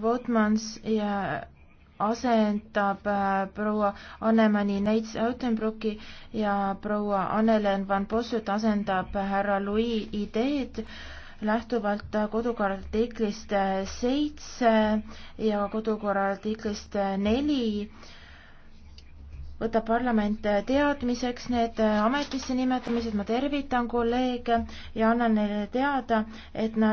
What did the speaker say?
Votmans äh, ja asendab äh, proua Annemani Neits-Autenbrocki ja proua Annelen van Bossut asendab härra Louis ideed lähtuvalt kodukorra artiklist äh, seitse ja kodukorra artiklist neli võtab parlament teadmiseks need ametisse nimetamised, ma tervitan kolleege ja annan neile teada, et nad